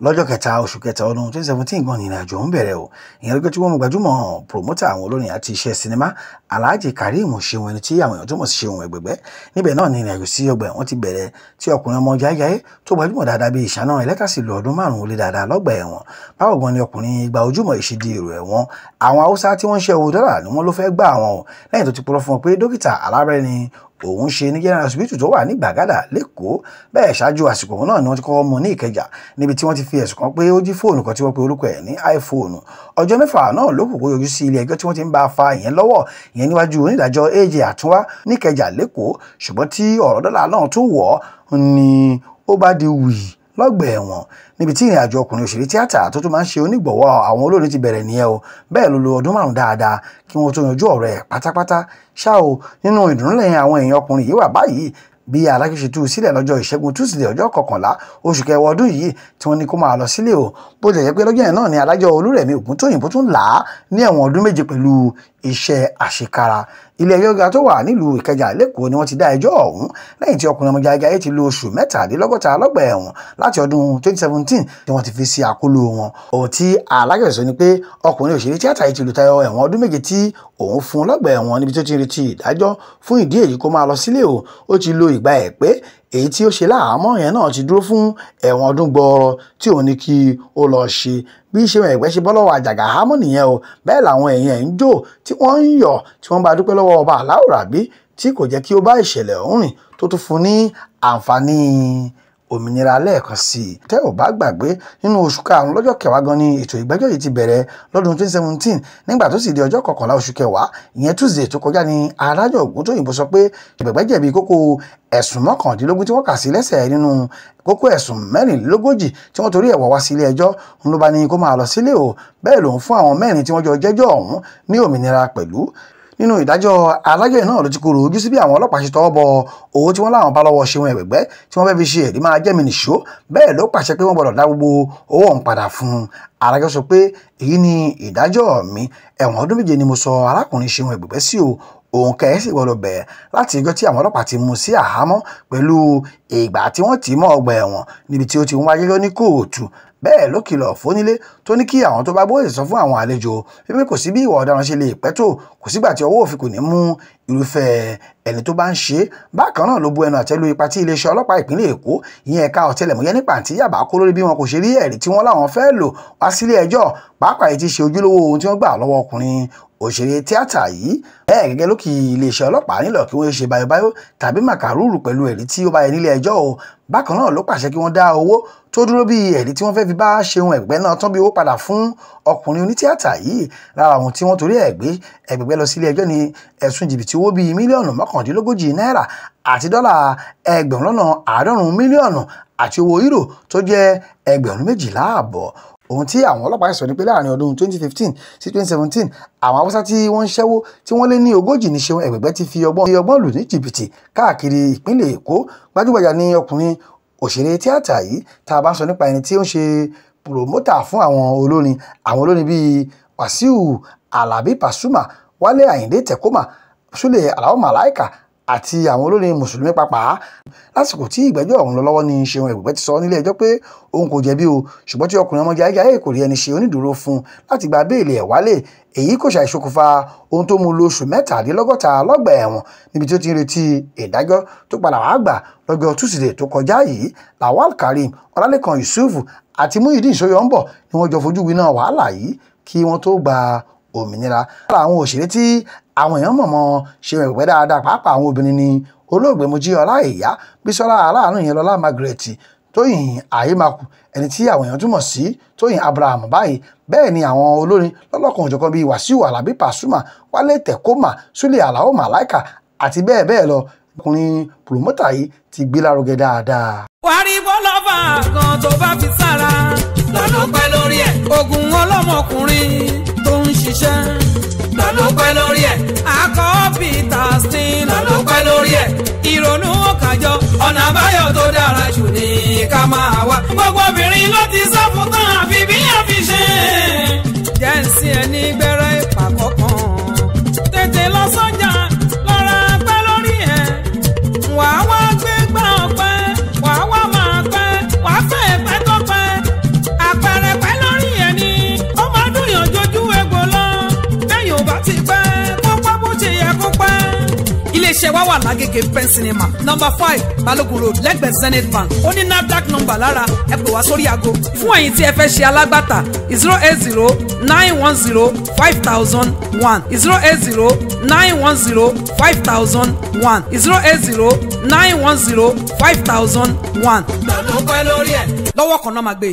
lọ́jọ́ kẹta oṣù kẹta ọdún twenty seventeen gan ìrìn àjò ń bẹ̀rẹ̀ o ìyẹn lọ́jọ́ tí wọ́n mú gbajúmọ̀ promota àwọn olórin àti iṣẹ́ sinimá Alhaji Karim Ṣeun ẹni tí àwọn èèyàn tó mọ̀ sí Ṣeun Ẹgbẹ̀gbẹ́ níbẹ̀ náà ni ìrìn àjò sí ọgbà ẹ̀wọ̀n ti bẹ̀rẹ̀ tí ọkùnrin ọmọ jáyáyé tó gbajúmọ̀ dáadáa bíi ìṣáná ẹlẹ́ka sì lo ọdún márùn-ún ó lé dáadáa lọ́gbà ẹ̀wọ̀n báwo gan ni ọkùnrin igba ojúmọ̀ èṣì di èrò ẹ̀wọ̀n àwọn haúsá tí wọ́n ń ṣe owó dọ́là ni wọ́n ló fẹ́ gbà wọn o lẹ́yìn tó ti purọ́ fún wọn pé dókítà alábẹ́ni òun ṣe ní general hospital tó wà ní gbàgádà lẹ́kọ̀ọ́ bẹ́ẹ̀ ṣáájú àsìkò òun náà ni wọ́n ti kọ́kọ́ mú ní ìkẹjà níbi tí wọ́n ti fi ẹ̀sùn kan pé ó jí fóònù kan tí wọ́n pe orúkọ ẹ̀ ní iphone ọjọ́ mẹ́fà náà ló kù kó yọjú sí ilé ẹjọ́ tí wọ́n ti ń bá a fa ìyẹn lọ́wọ́ ìyẹn níwájú onídàájọ́ aj àtúnwá ní ìkẹjà lẹ́kọ̀ọ́ tí ọ̀rọ̀ dọ́là náà tún wọ̀ ni ó bá di wùyí lọ́gbà ẹ̀wọ̀n níbi tí ìrìn àjò ọkùnrin òṣèré tíátà tó tún máa ń ṣe onígbọ̀wọ́ àwọn olórin ti bẹ̀rẹ̀ nìyẹn o bẹ́ẹ̀ ló lo ọdún márùn dáadáa kí wọ́n tó yanjú ọ̀rọ̀ ẹ̀ pátápátá ṣá o nínú ìdùnnú lẹ́yìn àwọn èèyàn ọkùnrin yìí wà báyìí bí Aláké ṣe tú u sílẹ̀ lọ́jọ́ ìṣẹ́gun túsídẹ̀ẹ́ ọjọ́ kọkànlá oṣù kẹwàá ọdún yìí tí wọ́n ní kó máa lọ sílé o bó jẹ́ pé lọ́jọ́ yẹn náà ni adájọ́ Olúrẹ̀mí Ògúntóyìnbó tún là á ní ẹ̀wọ̀n ọdún méje pẹ̀lú iṣẹ́ àṣekára ilé-ẹjọ́ gíga tó wà nílùú ìkẹjà lẹ́kọ̀ọ́ ni wọ́n ti dá ẹjọ́ ọ̀hún lẹ́yìn tí ọkùnrin ọmọ jaijaye ti lo oṣù mẹ́tàdínlọ́gọ́ta lọ́gbà ẹ̀wọ̀n láti ọdún 2017 tí wọ́n ti fi sí àkóló wọn ohun tí alájọ́ sọ ni pé ọkùnrin òṣèré tíátà yìí ti lù tayọ ẹ̀wọ̀n ọdún méje tí òun fún lọ́gbà ẹ̀wọ̀n níbi tó ti retí ìdájọ́ fún ìdí èyí kó máa lọ sílé o ó ti lo èyí tí ó ṣe láhàámọ́ yẹn náà ti dúró fún ẹ̀wọ̀n ọdún gbọọrọ tí òun ní kí ó lọ ṣe bí ṣe wọn ẹgbẹ́ ṣe bọ́ lọ́wọ́ àjàgà hámọ́ nìyẹn o bẹ́ẹ̀ làwọn èèyàn ẹ̀ ń jò tí wọ́n ń yọ̀ tí wọ́n bá dúpẹ́ lọ́wọ́ ọba aláwòrábí tí kò jẹ́ kí ó bá ìṣẹ̀lẹ̀ ọ̀hún rìn tó tún fún ní àǹfààní òmìnira lẹ́ẹ̀kan sí i. tẹ́ ò bá gbàgbé nínú oṣù karùn-ún lọ́jọ́ kẹwàá gan ni ètò ìgbẹ́jọ́ yìí ti bẹ̀rẹ̀ lọ́dún 2017 nígbà tó sì di ọjọ́ kọkànlá oṣù kẹwàá ìyẹn Tuesday tó kọjá ni adájọ́ Ògúntóyìnbó sọ pé ìgbẹ̀gbẹ́ jẹ̀bi kókó ẹ̀sùn mọ́kàndínlógún tí wọ́n kà sí lẹ́sẹ̀ nínú kókó ẹ̀sùn mẹ́rìnlélógójì tí wọ́n torí ẹ̀wọ̀ wá sí ilé ẹjọ́ ń ló bá ní kó máa lọ sílé o bẹ́ẹ̀ lòun fún àwọn mẹ́rin tí wọ́n jọ jẹ́jọ́ ọ̀hún ní òmìnira pẹ̀lú nínú ìdájọ́ alájọ́ náà ló ti kúrò ojú sí bí àwọn ọlọ́pàá ṣe tọwọ́ bọ owó tí wọ́n láwọn bá lọ́wọ́ Ṣeun Ẹ̀gbẹ̀gbẹ́ tí wọ́n fẹ́ fi ṣe ẹ̀rí máa jẹ́mi nìṣó bẹ́ẹ̀ ló pàṣẹ pé wọ́n gbọ́dọ̀ dá gbogbo owó ọ̀hún padà fún un adájọ́ sọ pé èyí ni ìdájọ́ mi ẹ̀wọ̀n ọdún méje ni mo sọ arákùnrin Ṣeun Ẹ̀gbẹ̀gbẹ́ sí o òun kẹ́sì gbọ́dọ̀ bẹ̀ẹ́ láti ìjọ tí àwọn ọlọ́pàá ti mú sí àhámọ́ pẹ̀lú ìgbà tí wọ́n tì í mọ́ ọgbà ẹ̀wọ̀n níbi tí ó ti ń wáyé lọ ní kóòtù bẹ́ẹ̀ ló kìlọ̀ fónílé tó ní kí àwọn tó bá gbóyè sọ fún àwọn àlejò wípé kò sí bí ìwà ọ̀daràn ṣe lè pẹ́ tó kò sígbà tí ọwọ́ òfin kò ní mú irúfẹ́ ẹni tó bá ń ṣe bákan náà ló bu ẹnu àtẹ́lu ipa tí iléeṣẹ́ ọlọ́pàá ìpínlẹ̀ èkó ìyẹn ẹ̀ka ọ̀tẹlẹ̀múyẹ́ ní pàǹtí yàbá kó lórí bí wọn kò ṣe rí ẹ̀rí tí wọ́n láwọn fẹ́ lò wá sílé ẹjọ́ pàápàá yìí ti ṣe ojúlówó ohun tí wọ́n gbà lọ́wọ́ ọkùnrin òṣèré tíátà yìí bẹ́ẹ̀ gẹ́gẹ́ ló kì í iléeṣẹ́ ọlọ́pàá nílò kí wọ́n ṣe bayobayo tàbí màkàrúrù pẹ̀lú ẹ̀rí tí ó bá yẹ nílé ẹjọ́ o bákan náà ló pàṣẹ kí wọ́n dá owó tó dúró bí ẹ̀rí tí wọ́n fẹ́ fi bá ṣeun ẹ̀gbẹ́ náà tán bí owó padà fún ọkùnrin onítíátà yìí lára àwọn tí wọ́n torí ẹ̀gbẹ́ ẹ̀gbẹ́ lọ sílé ẹjọ́ ni ẹ̀sùn jìbìtì owó bíi mílíọ̀nù mọ́kàndínlógójì náírà àti dọ́là ẹgbẹ̀rún lọ́nà àádọ́rùn-ún mílíọ̀nù àti owó euro tó jẹ́ ẹgbẹ̀rún méjìlá ààbọ̀ ohun tí àwọn ọlọ́pàá sọ ni pé láàrin ọdún 2015 sí 2017 àwọn haúsá tí wọ́n ń ṣẹ́wó tí wọ́n lé ní ogójì ní Ṣeun Ẹ̀gbẹ̀gbẹ́ ti fi ọgbọ́n fi ọgbọ́n lù ní jìbìtì káàkiri ìpínlẹ̀ Èkó gbajúgbajà ni ọkùnrin òṣèré tíátà yìí tá a bá ń sọ nípa ẹni tí ó ń ṣe pòròmọ́tà fún àwọn olórin àwọn olórin bíi Wàsíù Àlàbí Pasuma Wálé Àyìndé Tẹ̀kọ́mà Súlẹ̀ Àlàó Màláìkà àti àwọn olórin mùsùlùmí pàápàá lásìkò tí ìgbẹ́jọ́ ọ̀hún lọ lọ́wọ́ ni Ṣeun Ẹ̀gbẹ́gbẹ́ ti sọ nílé ẹjọ́ pé òun kò jẹ̀bi o ṣùgbọ́n tí ọkùnrin ọmọ jayéjayé kò rí ẹni ṣe onídùúró fún láti gba béèlì ẹ̀ wálé èyí kò ṣàì ṣokùnfà ohun tó mú lóṣù mẹ́tàdínlọ́gọ́ta lọ́gbà ẹ̀wọ̀n níbi tí ó ti ń retí ìdájọ́ tó padà wàá gbà lọ́jọ́ túsìdẹ̀ẹ́ tó kọjá yìí Lawal Karim Ọlálékan Yusuf àti Muyideen Sóyọ́ǹbọ̀ ni wọ́n jọ fojú winá wàhálà yìí kí wọ́n tó gba òmìnira. lára àwọn òṣèré tí àwọn èèyàn mọ̀mọ́ ṣe ẹ̀wẹ́ dáadáa pàápàá àwọn obìnrin ni olóògbé Mojí Ọláìyá Bísọ́lá aláàánú yẹn lọ́lá Margaret Tóyìn Àyèmàkù ẹni tí àwọn èèyàn túmọ̀ sí Tóyìn Abraham báyìí bẹ́ẹ̀ ni àwọn olórin lọ́lọ́kan òjọ̀kan bíi Wàsíù Alábí Pasuma Wálé Tẹ̀kọ́mà Súlẹ̀ Àlàó Màláìkà àti bẹ́ẹ̀ bẹ́ẹ̀ lọ ọkùnrin pòròmọ́tà yìí ti gbé lárugẹ dáadáa. wàá rí kan tó bá fi sára lọ́nà pẹ́ lórí ẹ̀ ogun ọlọ́mọkùnrin tó ń ṣiṣẹ́ lórí ẹ̀ àkọ́bí tàṣí náà ló pẹ́ lórí ẹ̀ ìrònú ọ̀kàjọ ọ̀nà àbáyọ tó dára jù ní ká máa wá. gbogbo obìnrin ló ti sá tán àfi bí àfi ṣe. jẹ́ ń sin gbẹ́rẹ́. wa wà lágége pen cinema number five balogun road lẹ́gbẹ̀ẹ́ zenith bank ó ní nafdac number lára ẹ pè wá sórí aago fún ẹ̀yin tí ẹ fẹ́ ṣe alágbàtà zero eight zero nine one zero five thousand one zero eight zero nine one zero five thousand one zero eight zero nine one zero five thousand one. lọ́wọ́ kan náà máa gbé.